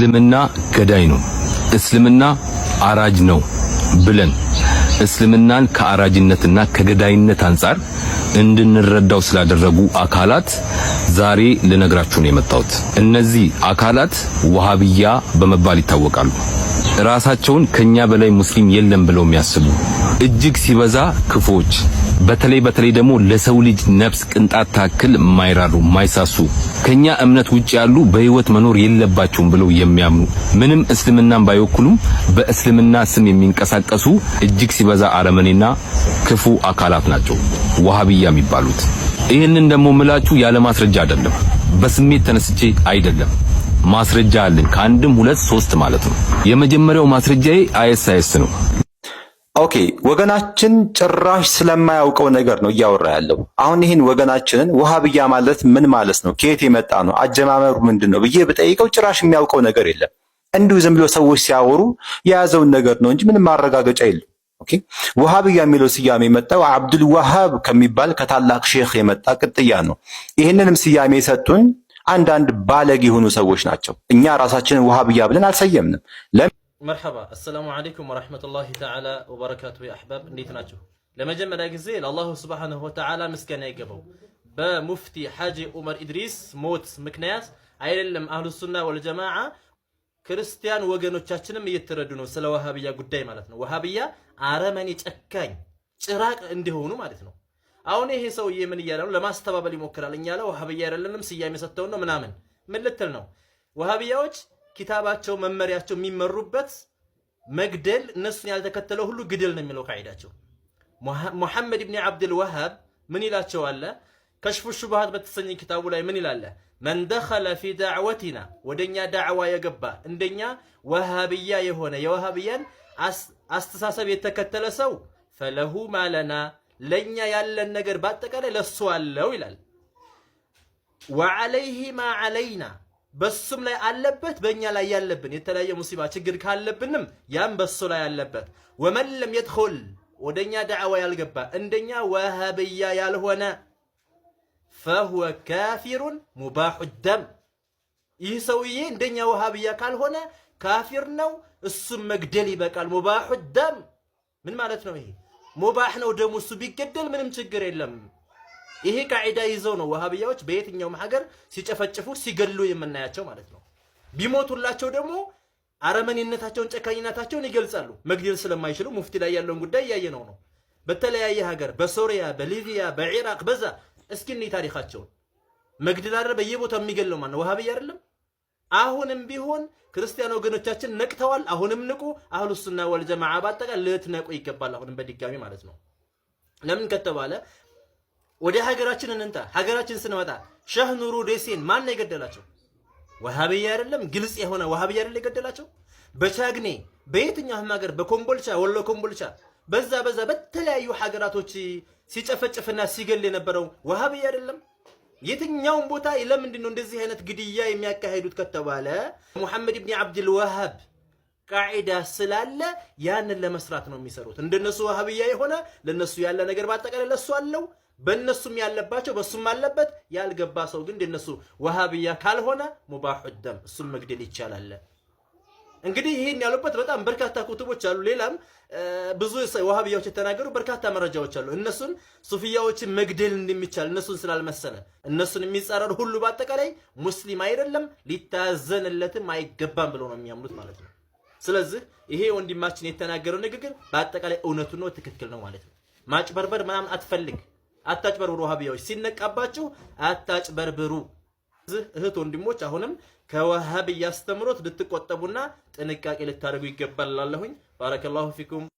እስልምና ገዳይ ነው፣ እስልምና አራጅ ነው ብለን እስልምናን ከአራጅነትና ከገዳይነት አንጻር እንድንረዳው ስላደረጉ አካላት ዛሬ ልነግራችሁ ነው የመጣሁት። እነዚህ አካላት ወሃብያ በመባል ይታወቃሉ። ራሳቸውን ከኛ በላይ ሙስሊም የለም ብለው የሚያስቡ እጅግ ሲበዛ ክፎች በተለይ በተለይ ደግሞ ለሰው ልጅ ነፍስ ቅንጣት ታክል ማይራሩ ማይሳሱ ከኛ እምነት ውጭ ያሉ በህይወት መኖር የለባቸውም ብለው የሚያምኑ ምንም እስልምናን ባይወክሉም በእስልምና ስም የሚንቀሳቀሱ እጅግ ሲበዛ አረመኔና ክፉ አካላት ናቸው ዋሃብያ የሚባሉት። ይህንን ደግሞ ምላችሁ ያለ ማስረጃ አይደለም፣ በስሜት ተነስቼ አይደለም። ማስረጃ አለን ከአንድም ሁለት ሶስት ማለት ነው። የመጀመሪያው ማስረጃዬ አይኤስ አይስ ነው። ኦኬ ወገናችን ጭራሽ ስለማያውቀው ነገር ነው እያወራ ያለው። አሁን ይህን ወገናችንን ውሃብያ ማለት ምን ማለት ነው፣ ከየት የመጣ ነው፣ አጀማመሩ ምንድን ነው ብዬ ብጠይቀው ጭራሽ የሚያውቀው ነገር የለም። እንዲሁ ዝም ብሎ ሰዎች ሲያወሩ የያዘውን ነገር ነው እንጂ ምንም ማረጋገጫ የለም። ኦኬ ወሃብያ የሚለው ስያሜ የመጣው አብዱል ዋሃብ ከሚባል ከታላቅ ሼክ የመጣ ቅጥያ ነው። ይህንንም ስያሜ የሰጡን አንዳንድ ባለግ የሆኑ ሰዎች ናቸው። እኛ ራሳችንን ውሃብያ ብለን አልሰየምንም። መርሐባ አሰላሙ ዓለይኩም ወረሕመቱላሂ ተዓላ ወበረካቱ። አሕባብ እንዴት ናቸው? ለመጀመሪያ ጊዜ ለአላሁ ስብሓነሁ ወተዓላ ምስጋና ይገባው። በሙፍቲ ሐጂ ዑመር ኢድሪስ ሞት ምክንያት አይደለም አህሉሱና ወልጀማዓ ክርስቲያን ወገኖቻችንም እየተረዱ ነው። ስለ ወሃብያ ጉዳይ ማለት ነው። ወሃብያ አረመኔ፣ ጨካኝ፣ ጭራቅ እንዲሆኑ ማለት ነው። አሁን ይሄ ሰውዬ ምን እያለ ነው? ለማስተባበል ይሞክራል። እኛ ለ ለወሃብያ አይደለንም ስያሜ ሰጥተውን ነው ምናምን ምን ልትል ነው? ወሃብያዎች ኪታባቸው መመሪያቸው የሚመሩበት መግደል እነሱን ያልተከተለው ሁሉ ግደል ነው የሚለው ቃይዳቸው። ሙሐመድ ብን ዓብድልዋሃብ ምን አለ ከሽፉ ሹብሃት በተሰኘ ኪታቡ ላይ ምን ይላለ? መን ደኸለ ፊ ዳዕወቲና ወደኛ ዳዕዋ የገባ እንደኛ ወሃብያ የሆነ የወሃብያን አስተሳሰብ የተከተለ ሰው ፈለሁ ማለና ለእኛ ያለን ነገር በአጠቃላይ ለሱ አለው ይላል። ወዓለይህ ማ ዓለይና በሱም ላይ አለበት በእኛ ላይ ያለብን የተለያየ ሙሲባ ችግር ካለብንም ያም በሱ ላይ ያለበት ወመን ለም የድኹል ወደኛ ዳዕዋ ያልገባ እንደኛ ወሃብያ ያልሆነ ፈሁወ ካፊሩን ሙባሑ ደም ይህ ሰውዬ እንደኛ ወሃብያ ካልሆነ ካፊር ነው። እሱም መግደል ይበቃል። ሙባሑ ደም ምን ማለት ነው? ይሄ ሙባሕ ነው። ደሙ እሱ ቢገደል ምንም ችግር የለም። ይሄ ቃዒዳ ይዘው ነው ወሃብያዎች በየትኛውም ሀገር ሲጨፈጭፉ ሲገሉ የምናያቸው ማለት ነው። ቢሞቱላቸው ደግሞ አረመኔነታቸውን ጨካኝነታቸውን ይገልጻሉ። መግደል ስለማይችሉ ሙፍቲ ላይ ያለውን ጉዳይ እያየነው ነው። በተለያየ ሀገር በሶሪያ፣ በሊቢያ፣ በኢራቅ በዛ እስኪ እኔ ታሪካቸውን መግደል አይደል በየቦታው የሚገለው ማለት ነው። ወሃብያ አይደለም። አሁንም ቢሆን ክርስቲያን ወገኖቻችን ነቅተዋል። አሁንም ንቁ። አህሉ ሱና ወልጀማዓ በአጠቃላይ ልትነቁ ይገባል። አሁንም በድጋሚ ማለት ነው ለምን ከተባለ ወደ ሀገራችን እንንታ። ሀገራችን ስንመጣ ሸህ ኑሩ ደሴን ማን ነው የገደላቸው? ወሃብያ አይደለም? ግልጽ የሆነ ወሃብያ አይደለም የገደላቸው? በቻግኔ በየትኛውም ሀገር በኮምቦልቻ ወሎ ኮምቦልቻ፣ በዛ በዛ በተለያዩ ሀገራቶች ሲጨፈጭፍና ሲገል የነበረው ወሃብያ አይደለም? የትኛውም ቦታ ለምንድን ነው እንደዚህ አይነት ግድያ የሚያካሂዱት ከተባለ ሙሐመድ ብኒ አብድልዋሃብ ቃዒዳ ስላለ ያንን ለመስራት ነው የሚሰሩት። እንደነሱ ወሃብያ የሆነ ለነሱ ያለ ነገር ባጠቃላይ ለሱ አለው በእነሱም ያለባቸው በእሱም አለበት። ያልገባ ሰው ግን እንደነሱ ወሃብያ ካልሆነ ሙባሑ ደም እሱም መግደል ይቻላል። እንግዲህ ይህን ያሉበት በጣም በርካታ ኩቱቦች አሉ። ሌላም ብዙ ወሃብያዎች የተናገሩ በርካታ መረጃዎች አሉ። እነሱን ሱፍያዎችን መግደል እንደሚቻል እነሱን ስላልመሰለ እነሱን የሚጻረር ሁሉ በአጠቃላይ ሙስሊም አይደለም ሊታዘንለትም አይገባም ብለው ነው የሚያምኑት ማለት ነው። ስለዚህ ይሄ ወንድማችን የተናገረው ንግግር በአጠቃላይ እውነቱ ነው፣ ትክክል ነው ማለት ነው። ማጭበርበር ምናምን አትፈልግ አታጭበርብሩ። ወሃቢያዎች ሲነቃባችሁ አታጭበርብሩ። እህት ወንድሞች፣ አሁንም ከወሃቢያ አስተምሮት ልትቆጠቡና ጥንቃቄ ልታደርጉ ይገባል። ላለሁኝ ባረከላሁ ፊኩም